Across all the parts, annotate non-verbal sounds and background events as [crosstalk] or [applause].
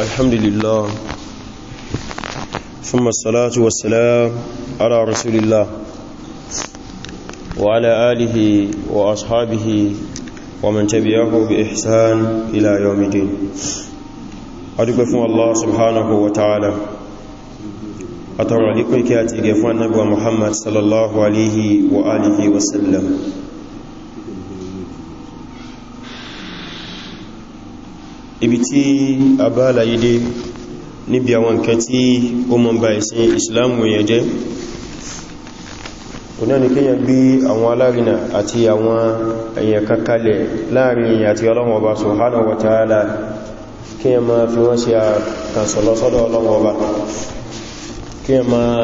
الحمد لله ثم الصلاة والسلام على رسول الله وعلى آله وأصحابه ومن تبعه بإحسان إلى يوم الدين فو الله سبحانه وتعالى أترى لكم كاتب فان محمد صلى الله عليه وآله وسلم ibi tí a bá láyé dé níbi àwọn nǹkan tí ó mọ́ bá ìsìn ìsìláàmù èèyàn jẹ́ òní ni kíyàn gbé àwọn alárinà àti àwọn èèyàn kankalẹ̀ láàrin àti Ọlọ́run Ọba subhanahu wa ta'ala kíyàn máa fi wọ́n ṣe àkànsọ̀lọ́sọ́dọ̀ Ọlọ́run Ọba kíyàn máa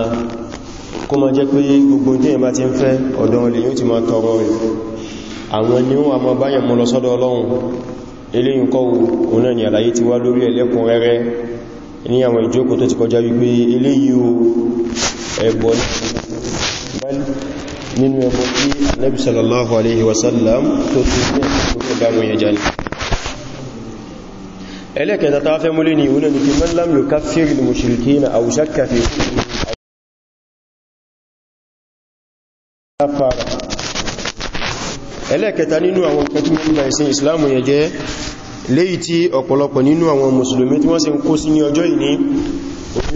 kó ma jẹ́ pé gbogbo tíyàn bá ti eléyìn kọ́ òun ni àlàyé ti wá lórí ẹlẹ́kùn rẹ́rẹ́ ní àwọn ìjókòó tó ti kọjá wípé eléyìí ẹbọ nínú ẹbọ tí Ànábì sallallahu alaihi wasallam tó ti ẹlẹ́kẹta ta fẹ́ múlé ni wọ́n ni kí man lam ẹlẹ́ẹ̀kẹta nínú àwọn nǹkan tí wọ́n ń ba ìsìn ìsìláàmù yẹn jẹ́ léyìí tí ọ̀pọ̀lọpọ̀ nínú àwọn mùsùlùmí tí wọ́n sì ń kó sí ní ọjọ́ ìní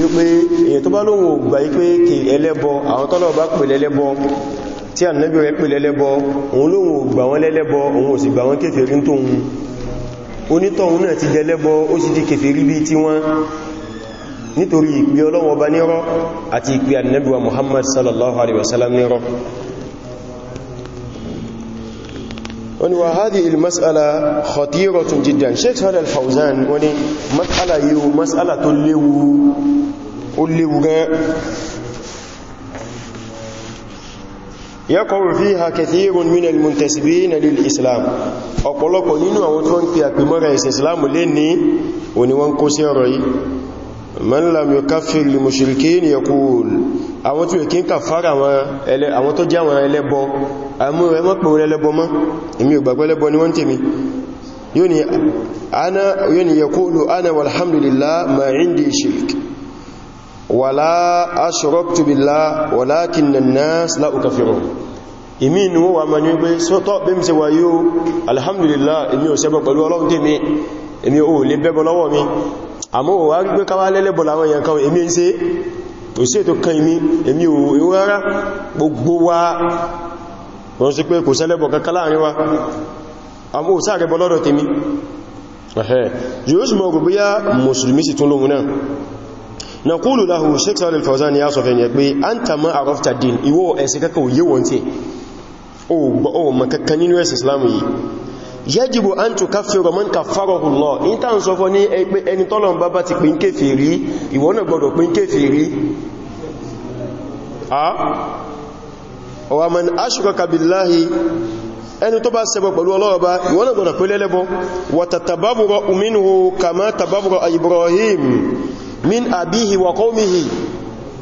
wípé èyàn tó bá lóhun ògbà yí pé kì ẹlẹ́bọ àwọn tọ́lọ̀ bá pè lẹ́lẹ́bọ tí ànábì rẹ̀ pè lẹ́lẹ́bọ òun lóhun ògbà wọn lẹ́lẹ́bọ òun ò sì gbà wọn kèfèrí ń tóhun onítọ̀hun náà ti dẹlẹ́bọ ó sì di kèfèrí bí tí wọ́n nítorí ìpè Ọlọ́hun Ọba nírọ́ àti ìpè ànábì Muhammad sallallahu alaihi wasallam nírọ́ wani wa hadhihi al-mas'ala khatiratun jiddan Sheikh Salih Al-Fawzan wani mas'ala yíò mas'ala tó léwu ó léwu gan yaqa'u fiha kathirun min al-muntasibin lil-Islam ọ̀pọ̀lọpọ̀ nínú àwọn tó ń pè àpèmọ́ra ìsẹ̀ Islam lè ní òní wọ́n kó sí ọ̀rọ̀ yìí man lam yukaffir li mushrikin yaqul àwọn tí ó kí ń kà fara àwọn tó jẹ́ àwọn ẹlẹ́bọ àmú ẹmọ́ pè wọn ẹlẹ́bọ mọ́ èmi ò gbàgbọ́ ẹlẹ́bọ ni wọ́n tèmi yóò ni yaqulu ana walhamdulillah ma indi shirk wala ashroktu billah walakinna wà mọ̀ ní káwà lẹ́lẹ́bọ̀ láwọn èèyàn kan èmi ń ṣe kò sí ètò kan imi èmi ò ewu rárá gbogbo wa wọ́n sí pé kò sẹ́lẹ̀bọ̀ kankan láàrin wa àmú ò sáàrẹ bọ́lọ́dọ̀ tèmi ẹ̀hẹ́ yóò sì mọ́ gbogbo yá mùsùlùmí sì tún lóhun náà na kúlù láhù Shaykh Saalih Al Fawzān ni a sọ a rọ́fta din yẹ́jìbò an tó káfẹ́rọ mọ́n ká fárọ̀hùn lọ in ta n sọ fọ́ ní ẹni tọ́lọ̀ bá bá ti pín kéfèrí ìwọ náà gbọdọ̀ pín kéfèrí wa man ashraka billahi ẹni tó bá ṣẹbọ pẹ̀lú ọlọ́ọ̀bá Ibrahim min abihi wa qawmihi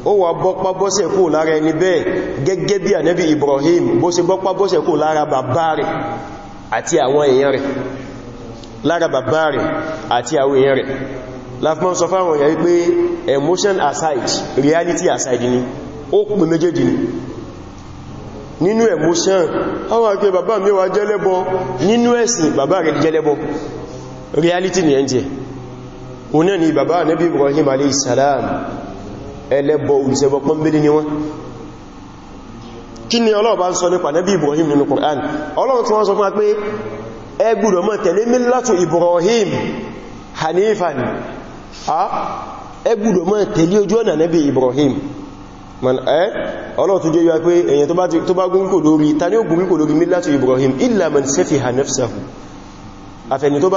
ó wà bọ́pá bọ́sẹ̀ kú lára ẹni bẹ́ẹ̀ Ibrahim bó ṣe bọ́pá bọ́sẹ̀ kú àti àwọn èèyàn rẹ̀ lára bàbá rẹ̀ àti àwọn èèyàn rẹ̀ láfmọ́ sọ fáwọn èèyàn wípé emotion aside reality aside ni ó pè méjèèjì ni nínú emotion àwọn akẹ́ bàbá mi wà jẹ́lẹ́bọ nínú ẹ̀sìn bàbá rẹ̀ jẹ́lẹ́bọ reality ni ẹnjẹ́ òun náà ni bàbá Nabi Ibrahim alayhi salam ẹlẹ́bọ olùsẹ́bọ pọ́nbélé ni wọ́n kí ni Ọlọ́run bá ń sọ nípa nẹ́bí Ibrahim nínú Qur'an Ọlọ́run tí wọ́n sọ fún wa pé ẹ gbọ́dọ̀ mọ́ tẹ̀lé millatu Ibrahim hanifan ẹ gbọ́dọ̀ mọ́ tẹ̀lé ojú ọ̀nà nẹ́bí Ibrahim Ọlọ́run tó jẹ́ yíwa pé èyàn tó bá gúnkò lórí ta ní ó gúnkò lórí millatu Ibrahim illa man safiha nafsahu àfẹni tó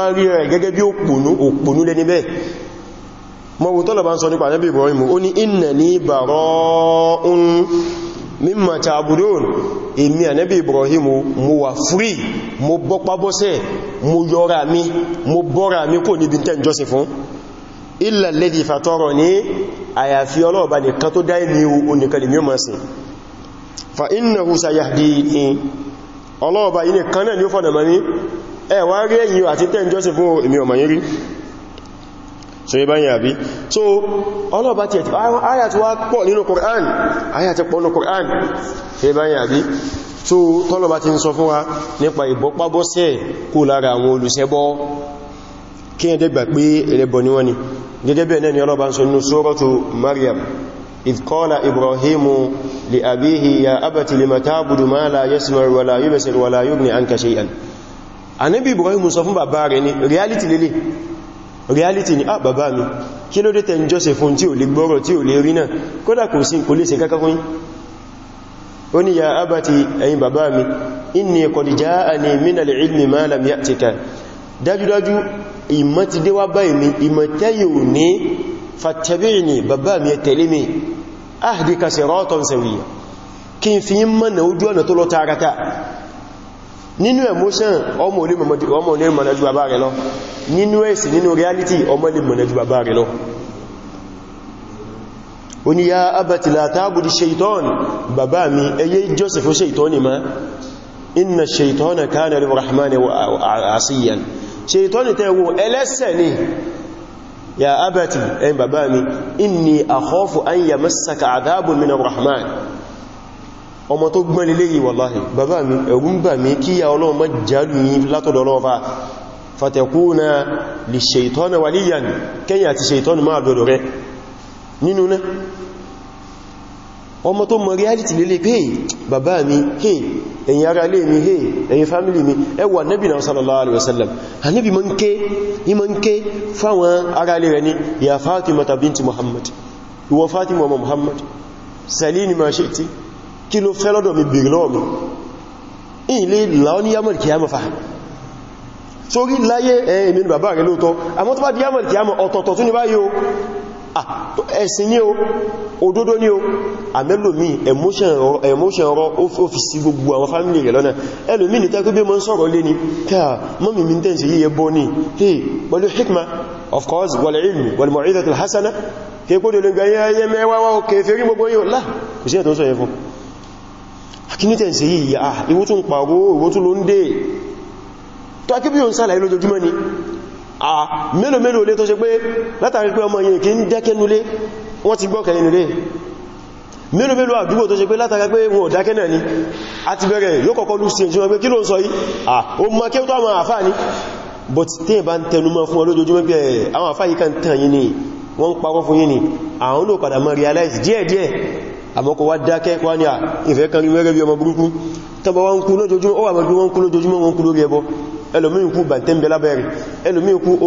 mímọ̀ tàbùdóòn èmi ànẹ́bì Ibrahim mo wà fúrí mo bọ́pábọ́sẹ̀ mo yọra mi mo bọ́ra mi kò níbi tẹ́ ìjọsìn fún illa alladhi fatarani àyàfi ọlọ́ọ̀bá nìkan tó dá èmi oníkàlì mi fa innahu sayahdini ni ó fọ̀nà mọ́ ní ẹ̀wà rí ẹ̀yìn àti tẹ́ ìjọsìn fún èmi ọmọ yìí so yẹ báyìí àbí so ọlọ́ọ̀bá ti ẹ̀tì ayà tí wá pọ̀ nínú Qur'an ayà tí pọ̀ nínú Qur'an so yẹ báyìí àbí so tọ́lọ̀bá ti ń sọ fún wa nípa ìbọ́pábọ́sẹ̀ kó lára àwọn olùṣẹbọ kí ẹ dẹ́gbà pé إذ قال إبراهيم لأبيه يا أبت لما تعبد يسمع ولا يبصر ولا يغني عنك شيئا Ànábì Ibrahim sọ fún reality lele reality ni ah bàbá mi kí ló dé tẹ́ ń jọ́sẹ̀ fún tí ò lè gbọ́rọ̀ tí ò lè rí náà kódà kò sí kò lè ṣe kankan fún yín ó ya abati ẹ̀yin bàbá mi inni qad ja'ani minal ilmi ma lam ya'tika dájúdájú ìmọ̀ ti dé wá báyìí mi ìmọ̀ tẹ́yì ò ní fattabi'ni bàbá mi tẹ̀lé mi ahdika siratan sawiyya kí n fi yín mọ́nà ojú ọ̀nà tó lọ tààràtà nínú emotion ọmọ olè mọ̀nà ju bàbá rẹ̀ lọ nínú ẹ̀sì nínú reality ọmọ olè mọ̀nà ju bàbá rẹ̀ lọ ó ní ya abati la ta'budu shaitan bàbá mi ẹyẹ joseph ó shaitani ma inna shaitana kana lirrahmani asiyan shaitani tẹ́wọ́ ẹlẹ́sẹ̀ ni ya abati ẹ̀yin bàbá mi inni akhafu an yamassaka adhabun min arrahman ọmọ tó gbọ́n lè léyìí wàláhì bàbá mi ẹ̀rù ń bà mí kíyà ọlọ́run má jálù yín látọ̀dọ̀ ọlọ́run fa fatakuna li shaytana waliyan kẹ́yìn àti ṣètọ́nù máa dọ̀dọ̀ rẹ nínú náà ọmọ tó mọ̀ reality lè lè pé bàbá mi hey ẹ̀yin ará ilé mi hey ẹ̀yin family mi ẹ wá Ànábì náà sallallahu alaihi wasallam Ànábì mọ́ ń ké ní ń ké fáwọn ará ilé rẹ̀ ní ya Fatima binti Muhammad ìwọ Fatima ọmọ Muhammad salini ma shi'ti kí ló fẹ́ lọ́dọ̀ mi bèèrè lọ́wọ́ mi ilé láọ́ ní yàmọ̀ kìyàmọ̀ fa sórí láyé ẹ̀ẹ̀mí bàbá rẹ̀ lóòtọ́ àmọ́ tó bá di yàmọ̀ kìyàmọ̀ ọ̀tọ̀ọ̀tọ̀ tún ní báyìí emotion ọ̀rọ̀ ó fi sí gbogbo àwọn fámílì rẹ̀ lọ́nà ẹlòmí ní tẹ́kú bí mọ́ ń sọ̀rọ̀ hikma of course wal ilmi wal mu'izatul hasana kí kó dole ganyẹ mẹ́wàá kẹfẹ́rí gbogbo yóò lá kò sí ẹ̀ sọ yẹ fún akínítẹ̀ ṣe yìí yà ìwó tún pàwó ìwó tún ló ń dé tó akébí yóò ń sàlàyé lójoojúmọ́ ni a mélòó mélòó lé tó ṣe pé látàrí pé ọmọ yìí kí ń dẹ́kẹ́nulé wọ́n ti gbọ́ kẹ́yìnulé mélòó mélòó àdúgbò tó ṣe pé látàrí pé wọn ò dákẹ́ náà ni a ti bẹ̀rẹ̀ yóò kọ́kọ́ lú sí ẹ̀ṣin wọn pé kí ló ń sọ yìí à ó mọ kí ó tó àwọn àfáà ni but tí ẹ bá ń tẹnumọ́ fún ọlójoojúmọ́ bí àwọn àfáà yìí kan tàn yìí ni wọ́n ń parọ́ fún yìí ni àwọn olóòpadà mọ́ realize díẹ̀díẹ̀ àmọ́kọ̀ wá dákẹ́ wá ní à ìfẹ́ kan rí wẹ́rẹ́ bí ọmọ burúkú tọba wọn kú lójoojúmọ́ ó wà mọ́ bí wọ́n kú lójoojúmọ́ wọn kú lórí ẹbọ ẹlòmíì kú bàtẹ́mbẹ̀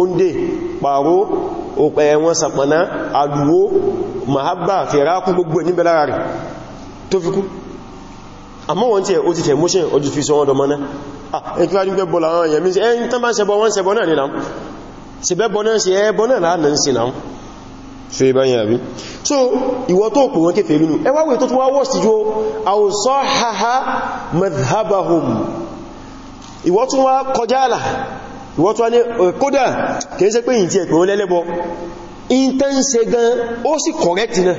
oúnjẹ pààró ẹ̀wọ̀n sàpàná àdúwó mahabba fẹ̀rákú gbogbo níbẹ̀ lára rẹ̀ tó fi kú àmọ́ wọ́n tí ẹ̀ ah ẹ̀kí wájú gbẹ́bọ̀ làwọn èèyàn mi sí ẹ̀yìn tán bá ń ṣẹbọ wọ́n ṣẹbọ náà nìlàm ṣẹbẹ́bọ ṣe báyìí àbí so ìwọ tó pè wọ́n kéfèé nínú ẹwà wèé tó tó wá wọ́sí jù àwòsọ́ haha madhhabahum ìwọ tún wá kọjá àlà ìwọ tún wá ní eh, kódà kìí ṣe pé yìí tí ẹ̀pẹ̀ wọ́n lẹ́lẹ́bọ intense gan ó sì correct náà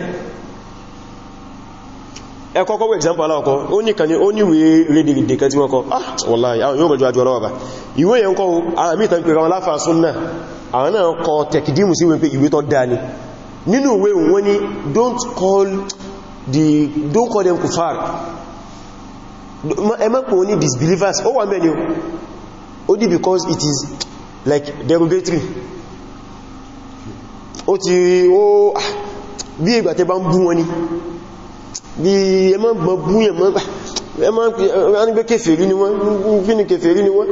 ẹkọ́ kọ́wọ́ example aláwọ̀kọ́ ó ní kan ní ó níwé rédìdì kan tí wọ́n kọ́ ah wallahi àwọn yóò mọ̀jú àjọ ọlọ́wọ́ bá ìwé yẹn kọ́ àwọn mìí tàn pé ra wọn láfàá súnnà àwọn náà kọ tẹ̀kìdímù sí wípé ìwé tó dáa ni nínú ìwé wọn ni don't call the don't call them kufar ẹ mọ́pọ̀ ní disbelievers ó wà mẹ́ni ó dí because it is like derogatory ó ti ó ah, bí ìgbà tẹ́ bá ń bú wọn ni bí ẹ mọ́ gbọ́n bú yẹn mọ́ ẹ mọ́ gbé kèfèrí ni wọ́n fínú kèfèrí ni wọ́n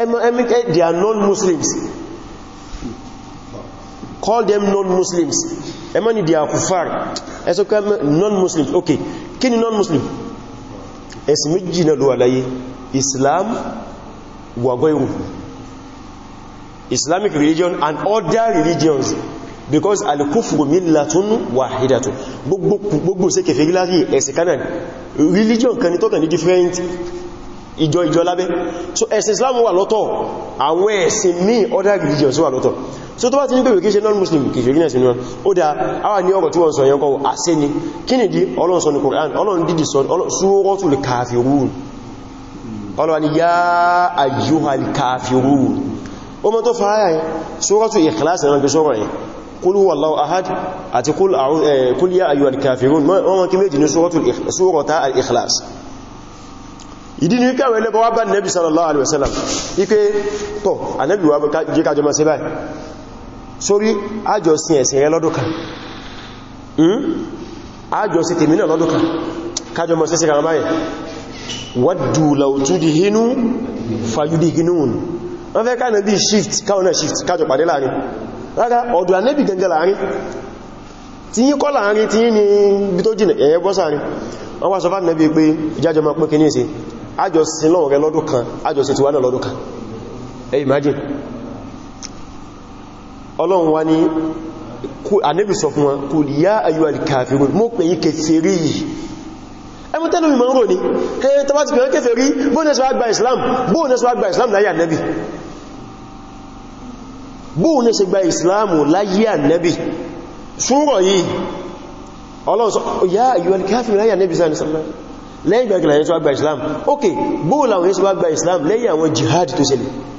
ẹ mọ́ ẹ mọ́ they are non-muslims call them non-muslims ẹ má ní di àkùfàr ẹ sọ non-muslims Okay. Kini non-muslim ẹ̀sìn méjì náà ló wà islam wa ìwò islamic religion and other religions because al-kufru millatun wahidatun gbogbo ṣe kèfèrí láti ẹ̀sìn kanáà religion kan ni tó kàn ní different ìjọ ìjọ lábẹ́ so ẹ̀sìn islam wa loto. àwọn ẹ̀sìn mi other religions wa loto so tó bá ti ní pẹ̀lú kí ṣe non-muslim kìfèrí náà sínú ó dá àwa ní ọ̀rọ̀ tí wọ́n sọ yẹn kọ́ àṣẹ ni kí ni dí Ọlọ́run sọ ní Qur'an Ọlọ́run dídì sọ Suratul Kafirun Ọlọ́run ni ya ayyuhal kafirun ó mọ́ tó fara yẹn Suratul Ikhlas náà gbé sọ́rọ̀ yẹn kúlù wallahu ahad àti kúlù eh, ya ayyuhal kafirun wọ́n kí méjì ní Suratul Ikhlas ìdí ní káwẹ̀ lẹ́bọ̀ wá bá nẹ́bì sallallahu alaihi wasallam ipé tọ́ anẹ́bì wá jẹ́ kájọ ma ṣe báyìí sórí àjọsìn ẹ̀sìn rẹ lọ́dún kan àjọsìn hmm? tèmi náà lọ́dún kan kájọ mọ̀ sí síkàrà báyìí làótú di hínú fàyúdì hínúùn wọ́n fẹ́ káà nàbí shift káwọn shift kájọ pàdé láàrin rárá ọ̀dọ̀ anẹ́bì gẹ́gẹ́ láàrin wá ma pín sí lọ́wọ́ rẹ lọ́dún kan náà lọ́dún kan ọlọ́run wá ní ànẹ́bì sọ fún wọn kò yá ayú alìkàfirun mọ́ pè yí kèfèrí yìí ẹmú tẹ́lú ìmọ̀ ń rò ní ẹ̀yẹ tó bá ti pẹ̀lú kèfèrí bóònẹ́sọ́ àgbà Islam bóònẹ́sọ́ àgbà Islam láyé ànẹ́bì bóònẹ́sọ́ àgbà Islam láyé ànẹ́bì súnrọ̀ yìí ọlọ́run sọ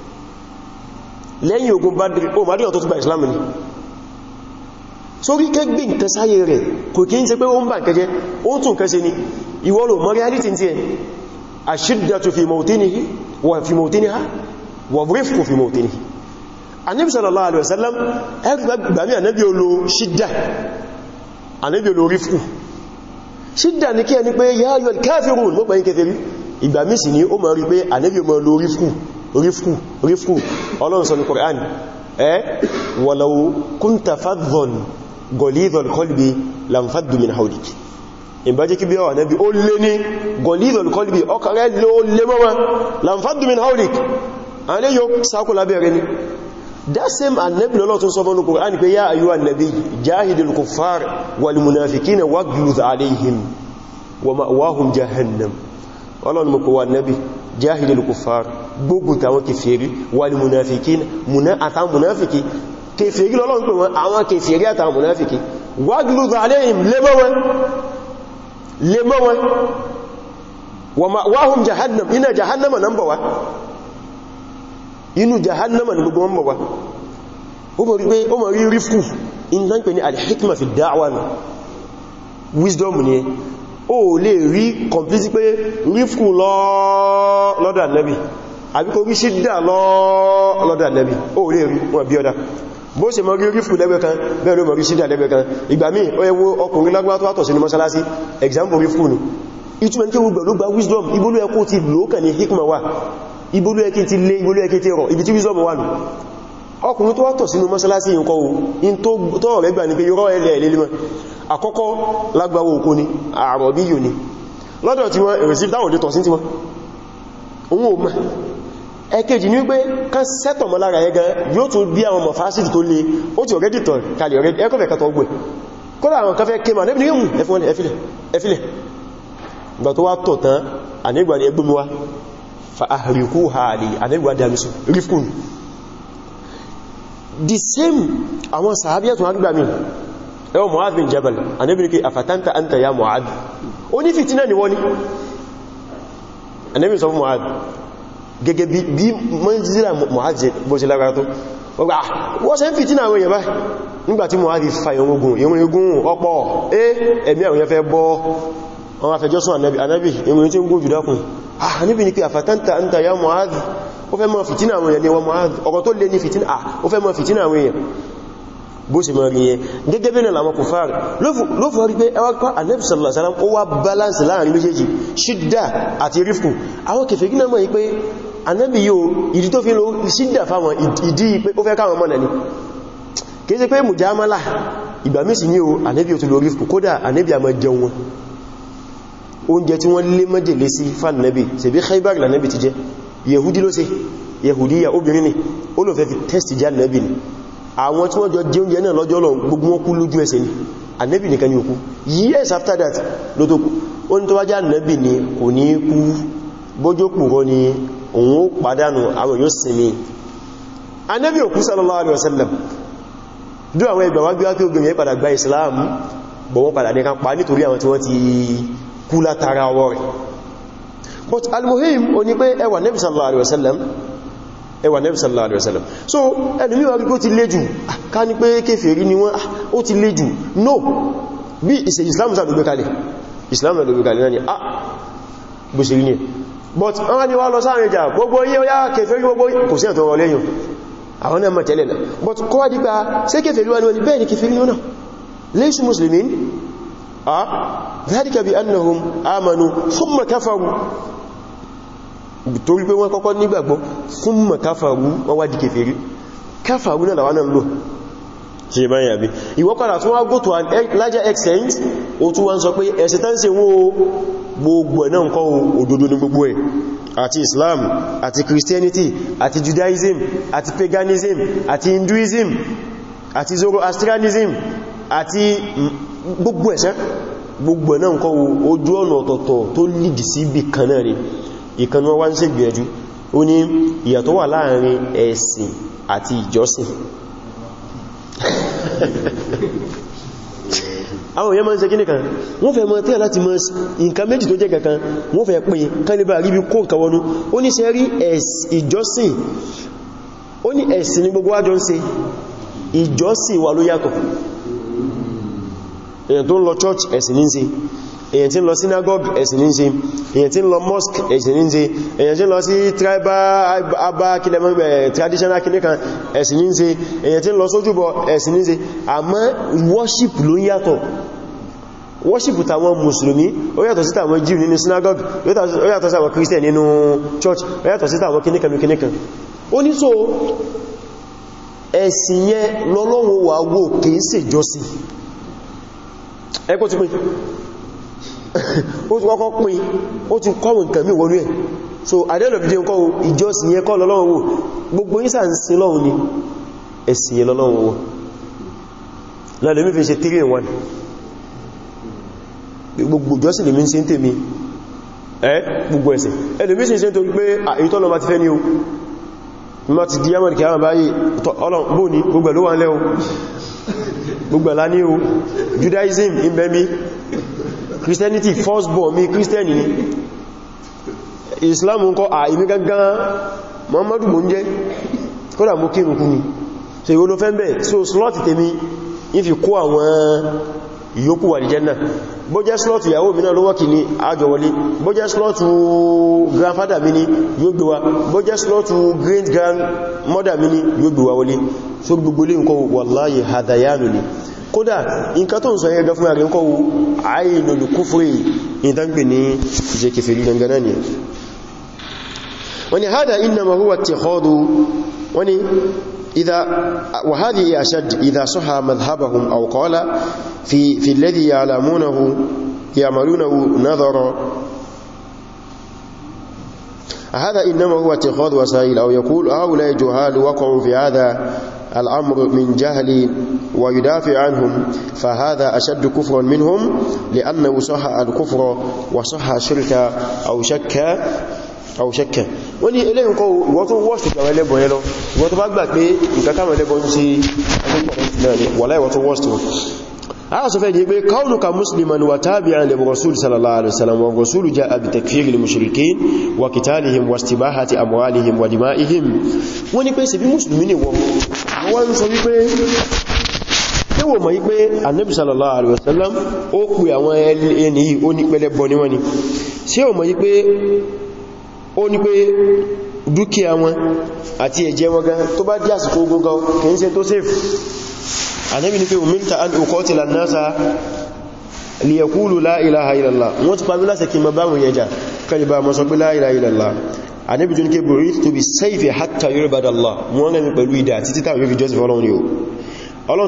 lẹ́yìn ogun Badri o oh, maria tó tún bá Islam ni sórí kẹgbẹ́ nǹkan sáyé rẹ̀ kò kí ń ṣe pé ó ń bà kẹjẹ ó tún kẹ́ ni ìwọ́lò mọ́ reality ti ẹ̀ ashiddatu fi wa fi mawtiniha wa rifqu fi mawtinihi Ànábì sallallahu alaihi wasallam ẹgbẹ̀gbẹ̀mí Ànábì olo ṣídà Ànábì olo rifqu ṣídà ní kí ẹni pé yáyọ̀ káfírùn mọ́gbẹ̀yìn kẹfẹ́rí ìgbàmí sì ni ó mọ̀ rí pé Ànábì mọ́ lo rifqu rífkù rífkù ọlọ́run sọ ní Kùránì ẹ́ wàlàwó kúnta fadhon gọlídọ̀l kọlbi lamfaddu min haulik ìbájẹ́ kí bí ọwà nẹ́bí ó lé ní gọlídọ̀l kọlbi ọkàrẹ́ lé ó lé mọ́wá lamfaddu min haulik a lè yóò sákò lábẹ́rẹ́ ni that same annabi lọ́lọ́ tún sọ fọ́nù Kùránì pé yá ayú annabi jahidul kufar wal munafikina wagluz alaihim wa ma'wahum jahannam ọlọ́run mọ̀kọ̀wà annabi jahidul kufar gbógun tàwọn kèfèrí wal munafikin àtàwọn munafiki kèfèrí lọ́lọ́run pè wọn àwọn kèfèrí àtàwọn munafiki waghluz alayhim lẹ́mọ́ wọn lẹ́mọ́ wọn wa ma'wahum jahannam iná jahannama nan bọ̀wá inú jahannama ni gbogbo wọn bọ̀wá ó mọ̀ rí ó mọ̀ rí rífkù in dán pè ní alhikma pé rífkù lọ́dọ̀ annabi àbí kò rí ṣídà lọ́dà nẹ́bí ó rí rí wọn bí ọdá bó ṣe mọ̀ rí rífù lẹ́gbẹ̀ẹ́ kan bẹ́ẹ̀ ló mọ̀ rí ṣídà lẹ́gbẹ̀ẹ́ kan ìgbà míì ó yẹ wo ọkùnrin lágbàtọ́ àtọ̀ sí ni mọ́sálásí example rífù ni ìtumẹ̀ kí gbogbo gba wisdom ibólú ẹkú ti lóókàn ní hikma wà ibólú ẹkí ti lé ibólú ẹkí ti rọ̀ ibi tí wisdom wà nù ọkùnrin tó wátọ̀ sínú mọ́sálásí yìí kọwọ́ in tó rẹ̀ gbà ní pé yọ́rọ̀ ẹlẹ́ ẹlẹ́lẹ́mọ́ àkọ́kọ́ lágbàwò òkú ni àrọ̀bí yìí ni lọ́dọ̀ tí wọ́n receive dáwọn dé tọ̀sí tí wọ́n òun ò mẹ́ ẹkẹjì ní wípé kán sẹ́tọ̀ mọ́ lára ẹgẹ yóò tó bí àwọn mọ̀fásìtì tó lè ó ti ọ̀rẹ́dì tọ̀ kalì ọ̀rẹ́dì ẹkọ̀ fẹ́ kàtọ̀ ọgbẹ̀ kọ́lá àwọn kan fẹ́ kéma lẹ́bìn yíò ẹfún ẹfilẹ̀ ìgbà wa fa àríkú ha àlè ànígbà damisu rifkun the same àwọn sàábíyà tó wọ́n gbà mí ẹwọ bin Jabal àníbìnrin kí àfàtàntà àntà ya Mu'adh ó ní ni wọ́n ni àníbìnrin sọ gẹ́gẹ́ bí mọ́jíra mọ̀hájẹ́ bó ṣe lágbára tó ọgbà ah, wọ́n ṣe ń fi tínà àwọn èèyàn báyìí nígbàtí mọ̀hájẹ́ fa ìrun ogun ìrun ogun ọ̀pọ̀ eh ẹ̀mí àwọn èèyàn fẹ́ bọ́ wọn afẹjọ́sùn ànábì ànábì ìrun tí ń ah níbi ni pé àfàtàntà ya mọ̀hájẹ́ ó fẹ́ mọ́ fìtínà àwọn èèyàn ni wọ́n ah ó fẹ́ mọ́ fìtínà àwọn èèyàn bó ṣe mọ́ rí yẹn gẹ́gẹ́ bí nàlàmọ́ kò fàárí ló fọ́ rí pé ẹwàpá Ànábì sallallahu alaihi wasallam ó wá balance láàrin méjèèjì ṣídà àti rífkù àwọn kèfèrí náà mọ̀ yí pé anábì yóò ìdí tó fi lo ṣídà fáwọn ìdí pé ó fẹ́ káwọn mọ́nà ni kìí ṣe pé mùjámálà ìgbàmísì ní o anábì ò tó lórí fún kódà anábì àmọ́ jẹun wọn oúnjẹ tí wọ́n lé mọ́jèlé sí fánàbì ṣebí yehudi ló ṣe ni ó lò fẹ́ fi test jẹ́ anábì ni àwọn tí wọ́n jọ jẹ oúnjẹ náà lọ́jọ́ lọ gbogbo after that ló tó kú ó ni kò ní kú ni òun ó pàdánù àwọn yóò sinmi anábí òkú sallallahu alaihi wasallam dú àwọn ẹgbẹ̀ wá gbíwá pé obìnrin padà gba islam bọ̀ wọ́n padà nìkan pa nítorí àwọn tí wọ́n ti kú látara ọwọ́ rẹ̀ but almuhim o ní pé ẹwà nẹ́bí sallallahu alaihi wasallam ẹwà nẹ́bí sallallahu alaihi wasallam so ẹlùmí wà gbígbó ti léjù ká ní pé kéfèrí ni wọ́n ó ti léjù no bí ìsẹ̀ islam sàdúgbé kalẹ̀ islam sàdúgbé kalẹ̀ náà ni ah bó ṣe rí ni but wọ́n ni wá lọ sáàrin ìjà gbogbo yíó yá kèfèrí gbogbo kò sí ẹ̀tọ́ wọlé yùn àwọn náà mọ̀ tẹ́lẹ̀ náà but kọ́ wá dípa sí kèfèrí wá ní wọ́n bẹ́ẹ̀ ni kèfèrí yóò náà lẹ́ṣù muslimin a dhalika bi annahum amanu thumma kafaru torí pé wọ́n kọ́kọ́ nígbàgbọ́ thumma kafaru wọ́n wá di kèfèrí gbogbo ẹ̀ náà ń kọ́ òdodo ní gbogbo ẹ̀ àti Islam àti Christianity àti Judaism àti paganism àti Hinduism àti Zoroastrianism àti gbogbo ẹ̀ṣẹ́ gbogbo ẹ̀ náà ń kọ́ ojú ọ̀nà ọ̀tọ̀ọ̀tọ̀ tó lìdì sí ibi kan náà ni ìkanu [laughs] àwọn èèyàn máa ń ṣe kíní kan wọ́n fẹ́ mọ́ tẹ́ láti mọ́ nǹkan méjì tó jẹ́ kankan wọ́n fẹ́ pín kánlébà rí bí kó nǹkan wọnú ó ní ṣe rí ìjọsìn ó ní ẹ̀sìn ní gbogbo àjọ ń ṣe ìjọsìn wa ló yàtọ̀ èèyàn tó ń lọ church ẹ̀sìn ní ń ṣe èyàn tí ń lọ synagogue ẹ̀sìn ní ṣe èyàn tí ń lọ mosque ẹ̀sìn ní ṣe èyàn tí ń lọ sí tribal abá kílẹ̀mọ́gbẹ̀ traditional kìníkan ẹ̀sìn ní ṣe èyàn tí ń lọ sójúbọ ẹ̀sìn ní ṣe àmọ́ worship ló ń yàtọ̀ worship tàwọn mùsùlùmí ó yàtọ̀ sí tàwọn Jew nínú synagogue ó yàtọ̀ sí church ó yàtọ̀ sí tàwọn kìníkan kìníkan ó ní so ẹ̀sìn yẹn lọ́lọ́wọ́ wà wò ó ti kọ́kọ́ pín ó ti kọ́wọ̀ nǹkan mí wọnú ẹ̀ so adẹ́lọ̀ bí jẹ́ nǹkan ìjọsìn yẹ kọ́ lọ́lọ́run wò gbogbo yínsà ń sin lọ́run ni ẹ̀sìn yẹ lọ́lọ́run wò fi ṣe 3 in 1 gbogbo ìjọsìn lèmi ń ṣe ń tèmi ẹ́ gbogbo ẹ̀sìn ẹlòmí sì ṣe ń torí pé àìtọ́lọ́ bá ti fẹ́ ní o ma ti di yamọ̀ kìí báyìí ọlọ́run bó ní gbogbo ló wà ń lẹ́ o gbogbo lá ní christianity first born mi christian ni islam ń a àìmí gangan muhammadu mo ń jẹ́ kódà mo kírùn kú ni so ìwọ́n ló fẹ́ bẹ́ẹ̀ so slot tèmi ń fi kó àwọn ìyókù wà ní jẹ́nà bó jẹ́ slot ìyàwó mi náà ló wọ́kì ní àjọwọlé bó jẹ́ slot grandfather mi ní yóò gbé wa bó jẹ́ slot great grandmother mi ní yóò gbé wa wọlé so gbogbo lè ń kọ́ wàláyé hadayanu ni kódà nǹkan tó ń sọ ẹgbẹ́ fún àrin kọwú àìlòlù kúfúrí ìdángbè ní jẹ́ kèfèrí ganganá ni wani hada inna ma ti tikhadu wani idha wa hadhihi ashad idha saha madhhabahum aw qala fi fi alladhi ya'lamunahu ya'malunahu nadhara هذا إنما هو اتخاذ وسائل أو يقول هؤلاء جهال وقعوا في هذا الأمر من جهل ويدافع عنهم فهذا أشد كفرا منهم لأنه صح الكفر وصح شرك أو شك أو شك وني إليهم قو وطو وشتك وليبو يلو وطو أكبر كي إنك كما ليبو نسي ولا يوطو وشتك a sọ fẹ́ di pé kaunuka musliman wa tabi'an li rasul sallallahu alaihi wasallam wa rasul ja'a bi takfiri lil mushrikin wa qitalihim wa istibahati amwalihim wa dima'ihim wọ́n ní pé ṣe bí muslimi ni wọ́n sọ wí pé ṣé wọ́n pé annabi sallallahu alaihi dúkìá wọn àti ẹ̀jẹ̀ wọn gan tó bá dí àsìkò ogun gan kìí ṣe tó sèfù Ànábì ní pé umirtu an uqatila an-nasa liyaqulu la ilaha illallah wọ́n ti pàmí láti ma bá yẹjà kalibà mọ́ sọ pé la ilaha illallah Ànábì tún ké bu'ithtu bis-sayfi hatta yu'bada Allah wọ́n rẹ̀ mi pẹ̀lú ìdá títí táwọn yóò fi jọ́sìn fọ́lọ́run ni ó ọlọ́run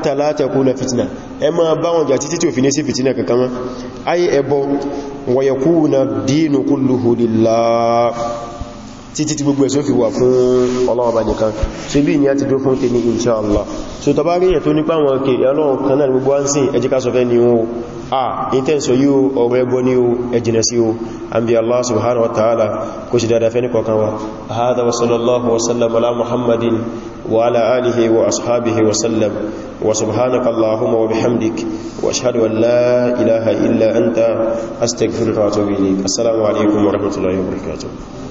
tí la takuna fitna ẹ máa bá wọn jà títí tí ò fi ní sí fìtínà kankan ayé ẹbọ wa yakuna títí tí gbogbo ẹ̀sùn fi wà fún Ọlọ́run Ọba nìkan ṣe bí ní a ti dó fún tèmi insha Allah so tọba rí ẹ̀ tó nípa àwọn òkè Ọlọ́run kan náà gbogbo wá ń sìn ẹjẹ́ ká sọfẹ́ ni o a intenso yíò ọ̀rọ̀ ẹgbọ́ ní o ẹjìnà sí o an bí Allah subhanahu wa ta'ala kó ṣe dáadáa fẹ́ ní kọ̀ọ̀kan wa hada wa sallallahu wa sallam ala muhammadin wa ala alihi wa ashabihi wa sallam wa subhanaka allahumma wa bihamdik wa ashhadu an la ilaha illa anta astaghfiruka wa atubu ilayk assalamu alaikum wa rahmatullahi wa barakatuh